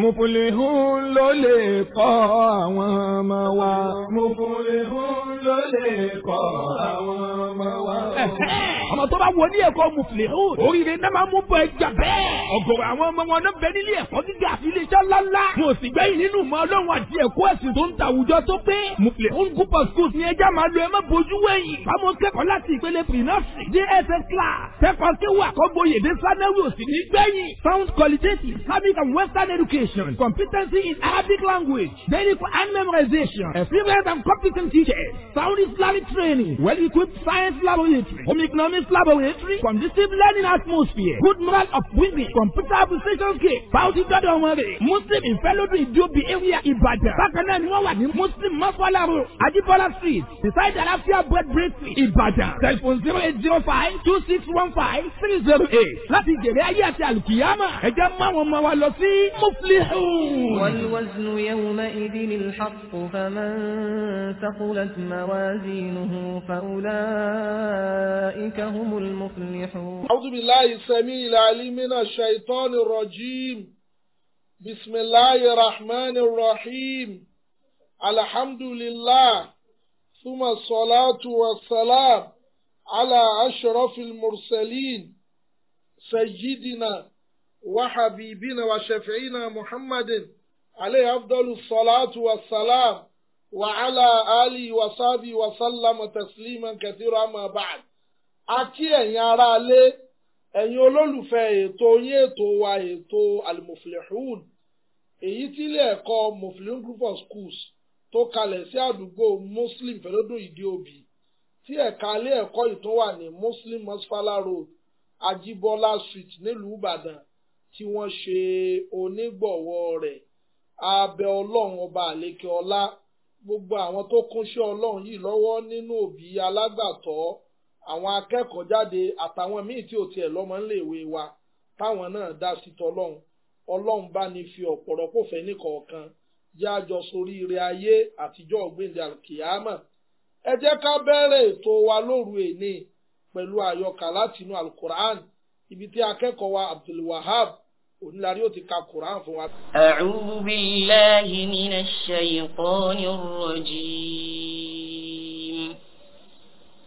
Mupulihun ló lè kọ́ àwọn ọmọ wa. Mupulihun ló lè kọ́ àwọn ọmọ wa. ọmọ tó bá wọ ní ẹ̀kọ́ muflihun oríire náà máa mú bọ ẹja bẹ́ẹ̀. ọ̀gọ̀rọ̀ àwọn ọmọ wọn náà bẹ nílé ẹ̀kọ́ gíga àti iléeṣẹ́ ńláńlá. mo sì gbẹ́yìn nínú ìmọ̀ ọlọ́run àti ẹ̀kọ́ ẹ̀sìn tó ń ta àwùjọ tó pé. muflihun gúpọ̀ skools ni ẹja máa lo ẹ má bojú wẹ̀yìn. bámu kẹ́kọ̀ọ́ láti ìpele pre-nursery dss class kẹ́kọ̀ọ́ kéwù àkọ́gbóyè dé sanẹ́wì òsì ní gbẹ̀yìn. sound qualitative Islamic and Western education competency in Arabic language daily for hand and competent teachers sound Islamic training, well-equipped science laboratory, home economics laboratory, conducive learning atmosphere, good moral of women, computer application skill, bounty God Omari, Muslim in fellow to Idobi area Ibadan. Bákan náà ni wọ́n wà ní Muslim Mọ́fọ́láro, Adibola street, beside Alafia bread in Ibadan. Telephone zero eight zero five two six one five three zero eight. Láti jèrè ayé àti àlùkìyámà, ẹ jẹ́ mú àwọn ọmọ wa lọ sí Muflihun. Wal waznu yawma idhin al-haqq faman thaqulat ma موازينه فأولئك هم المفلحون أعوذ بالله السميع العليم من الشيطان الرجيم بسم الله الرحمن الرحيم الحمد لله ثم الصلاة والسلام على أشرف المرسلين سيدنا وحبيبنا وشفعنا محمد عليه أفضل الصلاة والسلام وعلى آله وصحبه وسلم تسليما كثيرا أما بعد akí ẹ̀yin aráalé ẹ̀yin olólùfẹ́ ètò yín ètò wa ètò almuflihun èyí tí ilé ẹ̀kọ́ muflihun group of schools tó kalẹ̀ sí àdúgbò muslim fẹ́lódún ìdí òbí tí ẹ̀ka ilé ẹ̀kọ́ yìí tó wà ní muslim masfala road ajibola street nílùú ìbàdàn tí wọ́n ṣe onígbọ̀wọ́ rẹ̀ abẹ́ ọlọ́run ọba àlékè ọlá gbogbo àwọn tó kúnṣẹ́ ọlọ́run yìí lọ́wọ́ nínú òbí alágbàtọ́ àwọn akẹ́kọ̀ọ́ jáde àtàwọn míì tí ò tiẹ̀ lọ́mọ ńléèwé wa táwọn náà dá sí tọlọ́run ọlọ́run bá ní fi ọ̀pọ̀rọ̀pọ̀ fẹ́ nìkọ̀ọ̀kan yá jọ sórí ire ayé àtijọ́ ọ̀gbìndà kìámà ẹ jẹ́ ká bẹ̀rẹ̀ ètò wa lóru èní pẹ̀lú àyọkà látinú alukur'an ibi tí akẹ́kọ̀ọ́ wa abdulwahab أعوذ بالله من الشيطان الرجيم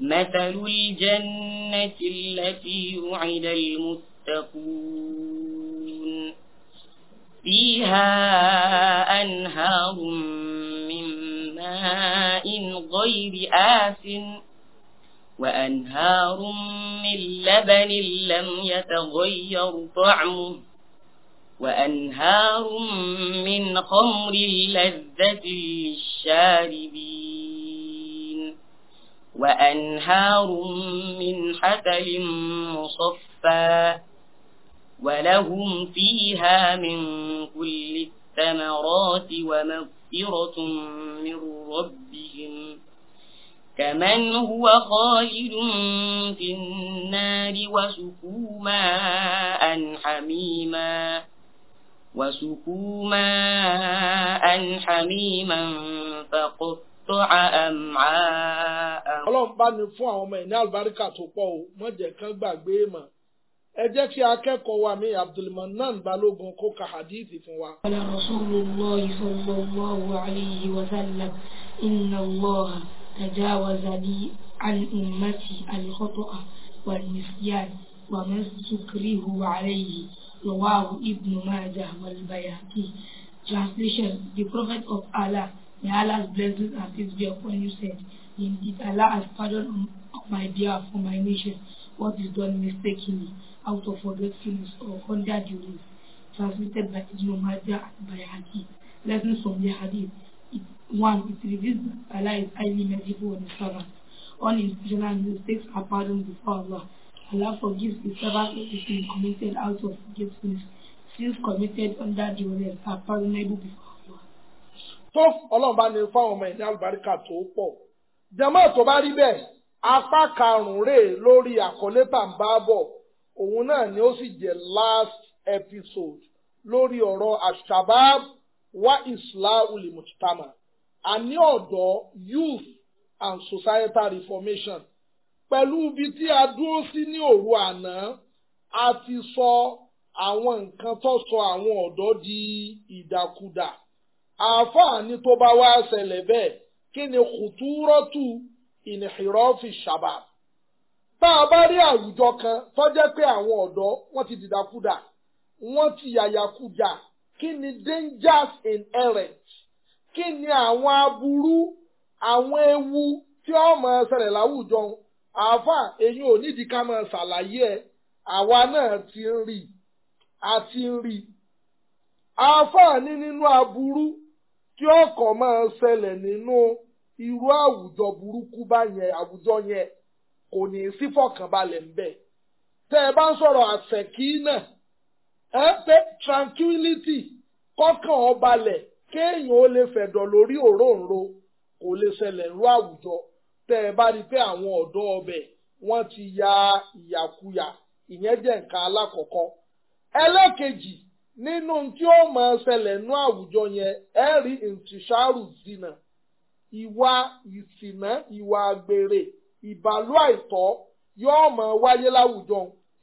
مثل الجنة التي وعد المتقون فيها أنهار من ماء غير آس وأنهار من لبن لم يتغير طعمه وأنهار من خمر لذة للشاربين وأنهار من حفل مصفى ولهم فيها من كل الثمرات ومغفرة من ربهم كمن هو خالد في النار وسكوا ماء حميماً وسقوا ماء حميما فقطع أمعاءهم ọlọ́run bá ní fún àwọn ọmọ ẹ̀ ní àlùbáríkà tó pọ̀ o má jẹ́ kán gbàgbé e mọ́ ẹ jẹ́ kí akẹ́kọ̀ọ́ wa mi abdulmanan balógun kó ka hadith fún wa. ọ̀la rasulillah sallallahu alayhi wa sallam inna allah tajawaza li an ummati al-khata'a wal-nisyan wa ma sukrihu alayhi. Rawahu Ibn Majah wal Bayhaqi. Translation The Prophet of Allah, may Allah's blessings and peace be upon you, said, Indeed, Allah has pardoned my dear for my nation what is done mistakenly out of forgetfulness or under duress. Transmitted by Ibn Majah and Bayhaqi. Lessons from the Hadith. It, one, it reveals that Allah is highly merciful on his servants. All his mistakes are pardoned before Allah. Allah forgives the servant who is committed out of forgiveness. Sins committed under the onus are pardonable before Allah. Tó Ọlọ́run bá ní fáwọn ọmọ ẹ̀ ní àlùbáríkà tó pọ̀. Jẹ́mọ́ tó bá rí bẹ́ẹ̀, apá karùn-ún rèé lórí àkọlé tàǹbá bọ̀. Òun náà ni ó sì jẹ́ last episode lórí ọ̀rọ̀ Ashabab wa Islahul Mujtama. Àní ọ̀dọ́ youth and societal reformation pẹ̀lú ibi tí a dúró sí ní òru àná a ti sọ àwọn nǹkan tó sọ àwọn ọ̀dọ́ di ìdàkudà àáfàá ni tó bá wá ṣẹlẹ̀ bẹ́ẹ̀ kí ni kùtùrọ́tù ìnìhìrọ́fì ṣàbà tá a bá rí àwùjọ kan tó jẹ́ pé àwọn ọ̀dọ́ wọ́n ti dìdàkudà wọ́n ti yàyàkudà kí ni dangers inherent kí ni àwọn aburú àwọn ewu tí ó ṣẹlẹ̀ láwùjọ àáfàá ẹ̀yin ò nídìí ká máa ṣàlàyé ẹ̀ àwa náà ti ń rí a ti ń rí àáfàá ní nínú aburú tí ọkọ̀ máa ṣẹlẹ̀ nínú irú àwùjọ burúkú bá àwùjọ yẹn kò ní sí fọkànbalẹ̀ ń bẹ̀ ẹ bá ń sọ̀rọ̀ àṣẹ̀kí náà ẹ pé tranquility kọ́kàn ọbalẹ̀ kéèyàn ó lè fẹ̀dọ̀ lórí òróǹro kò lè ṣẹlẹ̀ ru àwùjọ tẹ́ ẹ bá rí i pé àwọn ọ̀dọ́ ọbẹ̀ wọ́n ti ya ìyàkuyà ìyẹn jẹ́ nǹkan alákọ̀ọ́kọ́ ẹlẹ́kejì nínú tí ó máa ṣẹlẹ̀ nú àwùjọ yẹn ẹ rí ìtìṣàrù zina ìwà ìsìnà ìwà àgbèrè ìbálò àìtọ́ yóò máa wáyé láwùjọ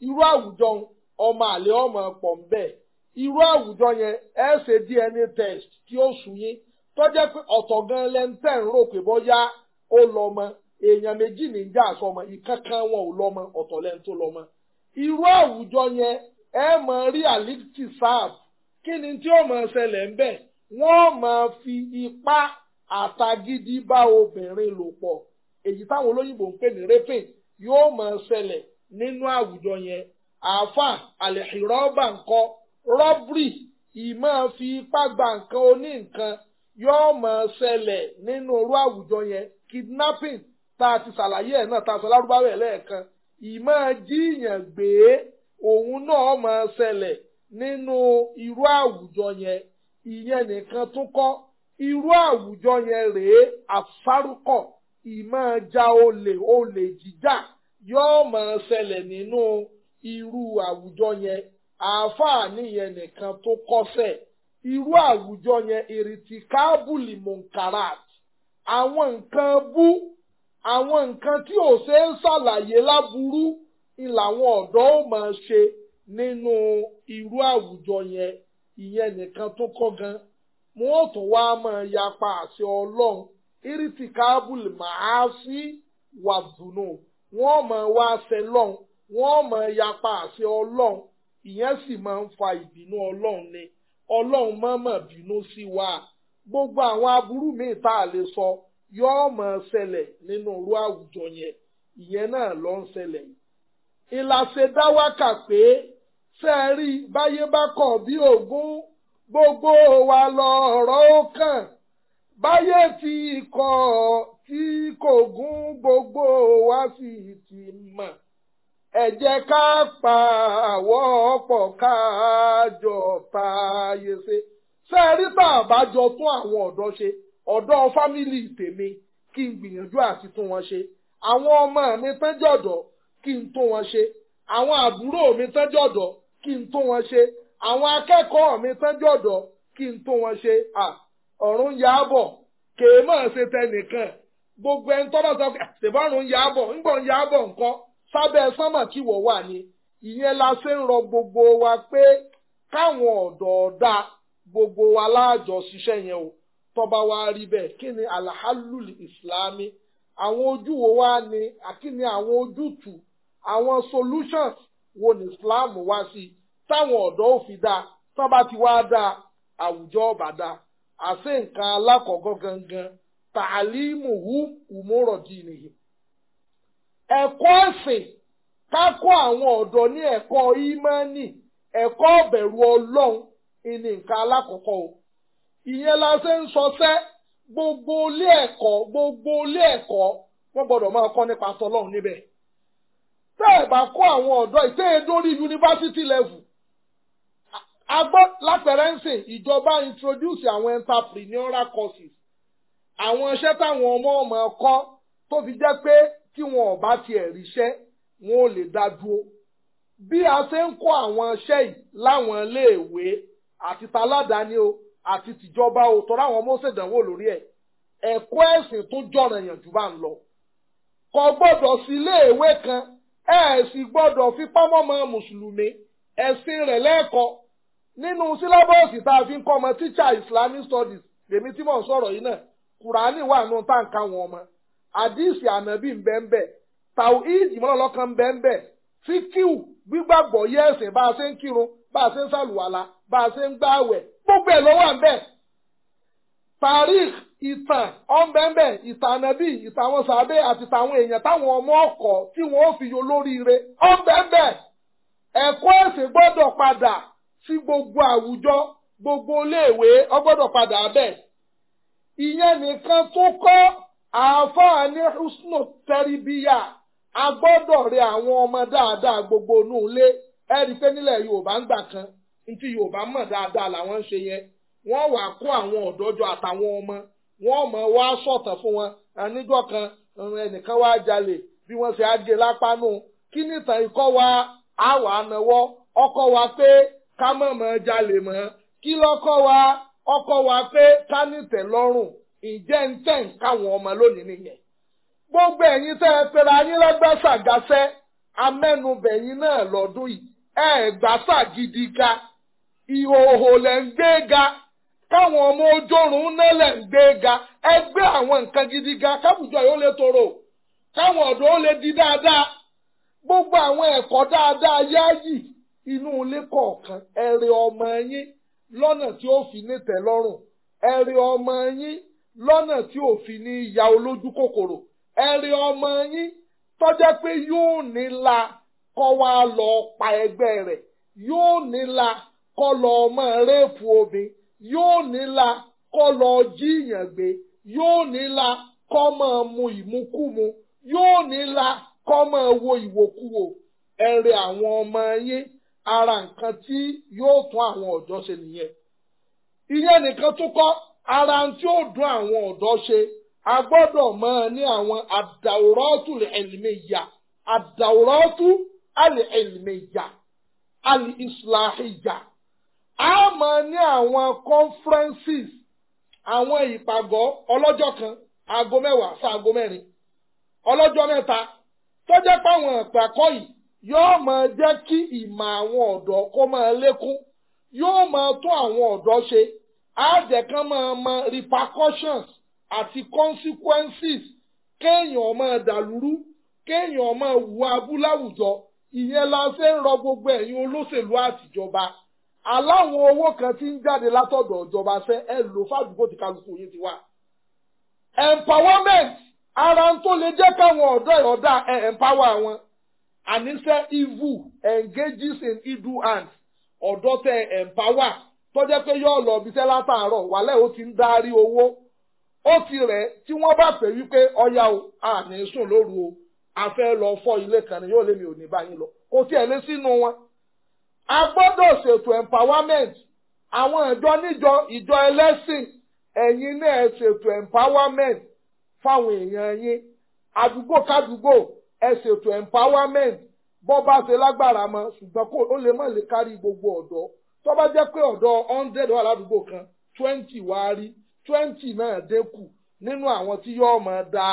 irú àwùjọ ọmọ àlè ọmọ pọ̀ ń bẹ̀ irú àwùjọ yẹn ẹ ṣe DNA test tí ó sùn yín tó jẹ́ pé ọ̀tọ̀ gan lẹ́ńtẹ̀ ń rò pé bọ́yá ó lọ́mọ èèyàn méjì ní ń jà sọmọ ìkankan wọn ò lọ́mọ ọ̀tọ̀ lẹ́nu tó lọ́mọ. irú àwùjọ yẹn ẹ máa rí àlìtì sáàb kí ni tí ó máa ṣẹlẹ̀ ń bẹ̀ wọ́n máa fi ipá àtagídí bá obìnrin lò pọ̀ èyí táwọn olóyìnbó ń pè ní rẹ́pìn yóò máa ṣẹlẹ̀ nínú àwùjọ yẹn àáfà àlẹ́hìrọ́bà ńkọ́ rọ́bìrì ìmọ̀ fi ipá gba nǹkan oní nǹkan yóò máa ṣẹlẹ̀ nínú irú àwùjọ yẹn kidnapping tá a ti ṣàlàyé ẹ̀ náà tá a sọ lárúbáwẹ̀ lẹ́ẹ̀kan ìmọ̀ jíìyàn gbé òun náà máa ṣẹlẹ̀ nínú irú àwùjọ yẹn ìyẹn nìkan tún kọ́ irú àwùjọ yẹn rèé àfárúkọ̀ ìmọ̀ ja olè olè jíjà yóò máa ṣẹlẹ̀ nínú irú àwùjọ yẹn àáfàá nìyẹn nìkan tó kọ́sẹ̀ irú àwùjọ yẹn ìrètí káàbùlì mọ̀nkàràt àwọn nǹkan bú àwọn nǹkan tí ò ṣe ń ṣàlàyé láburú làwọn ọ̀dọ́ ò máa ṣe nínú irú àwùjọ yẹn ìyẹn nìkan tó kọ́ gan wọn ò tún wá máa yapa àṣẹ ọlọ́run irisi káàbùl màá sí wàdùnú wọn máa wá ṣe lọ́run wọn máa yapa àṣẹ ọlọ́run ìyẹn sì máa ń fa ìbínú ọlọ́run ni ọlọ́run má mà bínú sí wa gbogbo àwọn aburú míì tá a lè sọ yóò máa ṣẹlẹ̀ nínú irú àwùjọ yẹn ìyẹn náà ló ń ṣẹlẹ̀ yìí. ìlàsẹ̀ pé ṣe é rí báyé bá kọ̀ bí ògún gbogbo wa lọ̀rọ̀ ó kàn báyé ti kọ̀ tí kò gún gbogbo wa sì ti mọ̀ ẹ jẹ́ ká pa àwọ̀ ọ̀pọ̀ ká jọ ta ṣe ṣé ẹ rí tá a bá jọ tún àwọn ọ̀dọ́ ṣe ọ̀dọ́ fámìlì tèmi kí n gbìyànjú àti tún wọn ṣe àwọn ọmọ mi tán jọ̀dọ̀ kí n tún wọn ṣe àwọn àbúrò mi tán kí n tún wọn ṣe àwọn akẹ́kọ̀ọ́ mi tán kí n tún wọn ṣe ọ̀run yaabọ̀ kèé mọ̀ ṣe tẹnìkan gbogbo ẹni tọ́lọ́ sọ pé ṣèbọ́rùn yaabọ̀ ńgbọ̀n yaabọ̀ nǹkan sábẹ́ sánmọ̀ kí wọ́n wà ní ìyẹn la ṣe ń rọ gbogbo wa pé káwọn ọ̀dọ́ dáa gbogbo wa láàjọ ṣiṣẹ́ yẹn o tọ́ba wa rí bẹ́ẹ̀ kí ni alahalul islami àwọn ojú wo wá ni kí ni àwọn ojútùú àwọn solutions wo ni islam wá sí táwọn ọ̀dọ́ ò fi dáa tán bá ti wá dáa àwùjọ ọ̀bà dáa àṣẹ nǹkan alákọ̀ọ́gọ́ gangan tààlímù hu ùmúrọ̀dì nìyí. ẹ̀kọ́ ẹ̀sìn ká kọ́ àwọn ọ̀dọ́ ní ẹ̀kọ́ ìmánì ẹ̀kọ́ ọ̀bẹ̀rù ọlọ́run ìní nǹkan alákọ̀ọ́kọ́ o ìyẹn la ṣe ń sọsẹ́ gbogbo ilé ẹ̀kọ́ gbogbo ilé ẹ̀kọ́ wọ́n gbọ́dọ̀ máa kọ́ nípa tọlọ́run níbẹ̀ tẹ́ bá kọ́ àwọn ọ̀dọ́ ìtẹ́ yunifásitì level agbọ́ lápẹ̀rẹ́ ń sìn ìjọba introduce àwọn entrepreneurial courses àwọn iṣẹ́ táwọn ọmọ ọmọ kọ́ tó fi jẹ́ pé tí wọn ò bá tiẹ̀ ríṣẹ́ wọn ò lè dá dúró bí a ṣe ń kọ́ àwọn iṣẹ́ yìí láwọn iléèwé àti taládàáni o àti tìjọba o tọ́ra àwọn ọmọ ṣèdánwò lórí ẹ̀ ẹ̀kọ́ ẹ̀sìn tó jọ̀ràn yàn jù bá ń lọ kò gbọ́dọ̀ sí iléèwé kan ẹ̀ sì gbọ́dọ̀ fi pámọ́mọ́ mùsùlùmí ẹ̀sìn rẹ̀ lẹ́ẹ̀kọ́ nínú sílábọ̀ọ̀sì tá a fi ń kọ́ ọmọ tíṣà Islamic studies lèmi tí mò ń sọ̀rọ̀ yìí náà kùránì wà nù táǹkà wọn ọmọ àdìsí ànábì ń bẹ́ẹ̀ bẹ́ẹ̀ tàwíìdì ń bẹ́ẹ̀ fíkíù gbígbàgbọ́ yẹ́sìn bá a ṣe ń kírun bá a ṣe ń ṣàlùwàlà bá a ṣe ń gbààwẹ̀ gbogbo ẹ̀ ló wà ń bẹ̀. paris ìtàn ọ̀nbẹ́ńbẹ́ ìtàn ànábì ìtàn àwọn sàbẹ̀ àti tàwọn èèyàn táwọn ọmọ ọkọ̀ tí wọ́n ó fi yọ lóríire ọ̀nbẹ́ńbẹ́ ẹ̀kọ́ ẹ̀sìn gbọ́dọ̀ padà sí gbogbo àwùjọ gbogbo iléèwé ọgbọ́dọ̀ padà bẹ̀. ìyẹn nìkan tó kọ́ àáfàá ní húsnù tẹ́ríbíyà a rẹ àwọn ọmọ dáadáa gbogbo inú ilé. ẹ rí i pé nílẹ̀ Yorùbá ń gbà kan ntí Yorùbá mọ̀ dáadáa làwọn ń ṣe yẹn wọ́n wà kó àwọn ọ̀dọ́jọ àtàwọn ọmọ wọ́n mọ̀ wá sọ̀tàn fún wọn àníjọ́ kan ẹnìkan wá jalè bí wọ́n ṣe á gé lápá nù kí nìtàn ikọ́ wa á wà á nawọ́ ọkọ wa pé ká mọ̀ mọ̀ jalè mọ́ kí lọ́kọ́ wa ọkọ wa pé ká nìtẹ̀ lọ́rùn ìjẹ́ ń tẹ̀ ń káwọn ọmọ lónìí nìyẹn gbogbo ẹ̀yin tẹ́ ẹ pera yín lọ́gbẹ́sàgásẹ́ amẹ́nubẹ̀yìn náà lọ́dún yìí ẹ gidi ga ìhòòhò lẹ̀ ń gbé ga káwọn ọmọ ojórun náà lẹ̀ ń gbé ga ẹ àwọn nǹkan gidi ga káwùjọ yóò lè tòrò káwọn ọ̀dọ́ ó lè di dáadáa gbogbo àwọn ẹ̀kọ́ dáadáa yáàyì inú ilé kọ̀ọ̀kan ẹ̀rẹ̀ ọmọ yín lọ́nà tí ó fi nítẹ̀ lọ́rùn ẹ̀rẹ̀ ọmọ yín lọ́nà tí ò fi ní ya olójú kòkòrò ẹ̀rẹ̀ ọmọ yín tọ́jẹ́ pé yóò ní la kọ́ wá lọ pa ẹgbẹ́ rẹ̀ yóò nílà kọ́ lọ ọmọ réèpù obìn yóò nílà kọ́ lọ jíyàn gbé yóò nílà kọ́ máa mu ìmukúmu yóò nílà kọ́ máa wo ìwòkuwò ẹ̀rẹ̀ àwọn ọmọ yín ara nǹkan tí yóò tún àwọn ọ̀dọ́ ṣe nìyẹn. ìyẹn nìkan tó kọ́ ara tí ó dún àwọn ọ̀dọ́ ṣe a gbọ́dọ̀ máa ní àwọn àdàwòrọ́tù ẹ̀lìmẹ̀yà àdàwòrọ́tù al-ilmiya al-islahiya a máa ní àwọn conferences àwọn ìpàgọ́ ọlọ́jọ́ kan aago mẹ́wàá sí aago mẹ́rin ọlọ́jọ́ mẹ́ta tó jẹ́ pé àwọn ìpàkọ́ yìí yóò máa jẹ́ kí ìmọ̀ àwọn ọ̀dọ́ kó máa lékún yóò máa tún àwọn ọ̀dọ́ ṣe àjẹkán máa mọ repercussions àti consequences kéèyàn máa dàlúrú kéèyàn máa wù abúláwùjọ ìyẹn la ṣe ń rọ gbogbo ẹ̀yin olóṣèlú àtijọba aláwọn owó kan ti ń jáde látọ̀dọ̀ ìjọba ṣe ẹ lò fàdúgbò tí kálukú yín ti wà. empowerment ara ń tó lè jẹ́ káwọn ọ̀dọ́ ìrọ̀dá ẹ̀ empower wọn àníṣe evil engages in idle hands ọ̀dọ́ tẹ empower tó jẹ́ pé yóò lọ bí sẹ́ látàárọ̀ wàlẹ́ ó ti ń darí owó ó ti rẹ̀ tí wọ́n bá pè wípé ọya o lóru o a fẹ́ lọ fọ́ ilé kan ni yóò lé mi ò ní báyìí lọ kò tiẹ̀ lé sínú wọn. a gbọ́dọ̀ ṣètò empowerment àwọn ìjọ níjọ ìjọ ẹlẹ́sìn ẹ̀yin náà ṣètò empowerment fáwọn èèyàn yín àdúgbò kádùgbò ẹ ṣètò empowerment bọ́ bá ṣe lágbára mọ́ ṣùgbọ́n kó o lè má lè kárí gbogbo ọ̀dọ́ tó bá jẹ́ pé ọ̀dọ́ hundred wà ládùúgbò kan twenty wá rí twenty náà dínkù nínú àwọn tí yóò máa da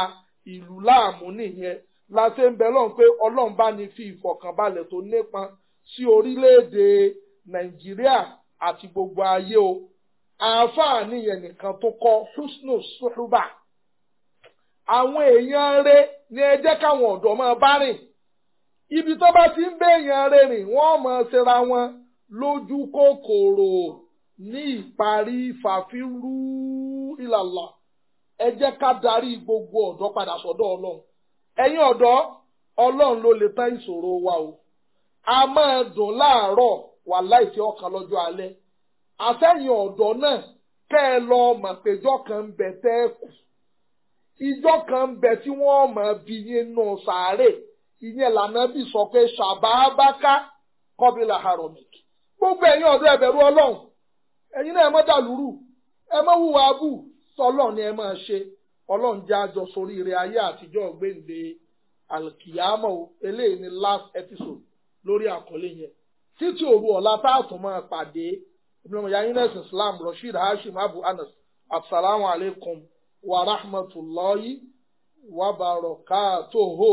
ìlú láàmú nìyẹn la ṣe ń bẹ lọ́n pé ọlọ́run bá ní fi ìfọ̀kànbalẹ̀ tó nípọn sí orílẹ̀-èdè nàìjíríà àti gbogbo ayé o àáfàá nìyẹn nìkan tó kọ húsnù sùhùbà àwọn èèyàn rẹ̀ ni ẹ jẹ́ káwọn ọ̀dọ́ máa bá rìn ibi tó bá ti ń béèyàn rẹ̀ rìn wọ́n máa ṣera wọn lójú kòkòrò ní ìparí fàfirú ìlàlà ẹ jẹ́ ká darí gbogbo ọ̀dọ́ padà sọ́dọ̀ ọlọ́run ẹyin ọdọ ọlọrun ló lè tán ìṣòro wa o a máa dùn láàárọ̀ wà láìsí ọkàn lọjọ alẹ àtẹ̀yìn ọdọ náà kẹ́ ẹ lọ mọ̀ péjọ́ kan ń bẹ tẹ́ ẹ kù ìjọ́ kan ń bẹ tí wọn mọ̀ bí nù sàárè ìyẹn lànà bí sọ pé ṣàbábáká kọ́bílà haromic gbogbo ẹyin ọdọ ẹ̀bẹ̀rù ọlọrun ẹ̀yin náà ẹ má dàlúrù ẹ má hùwà abù tọ́lọ́ ni ẹ máa ṣe ọlọ́run jẹ́ àjọ sórí ire ayé àtijọ́ gbèǹde alkiyama o eléyìí ni last episode lórí àkọlé yẹn títí òru ọ̀la tá a tún máa pàdé ìbílẹ̀mọ̀ yayinẹ́sì islam rasheed hashim abu anas asalaamu alaykum wa rahmatulahi wa barakatuhu.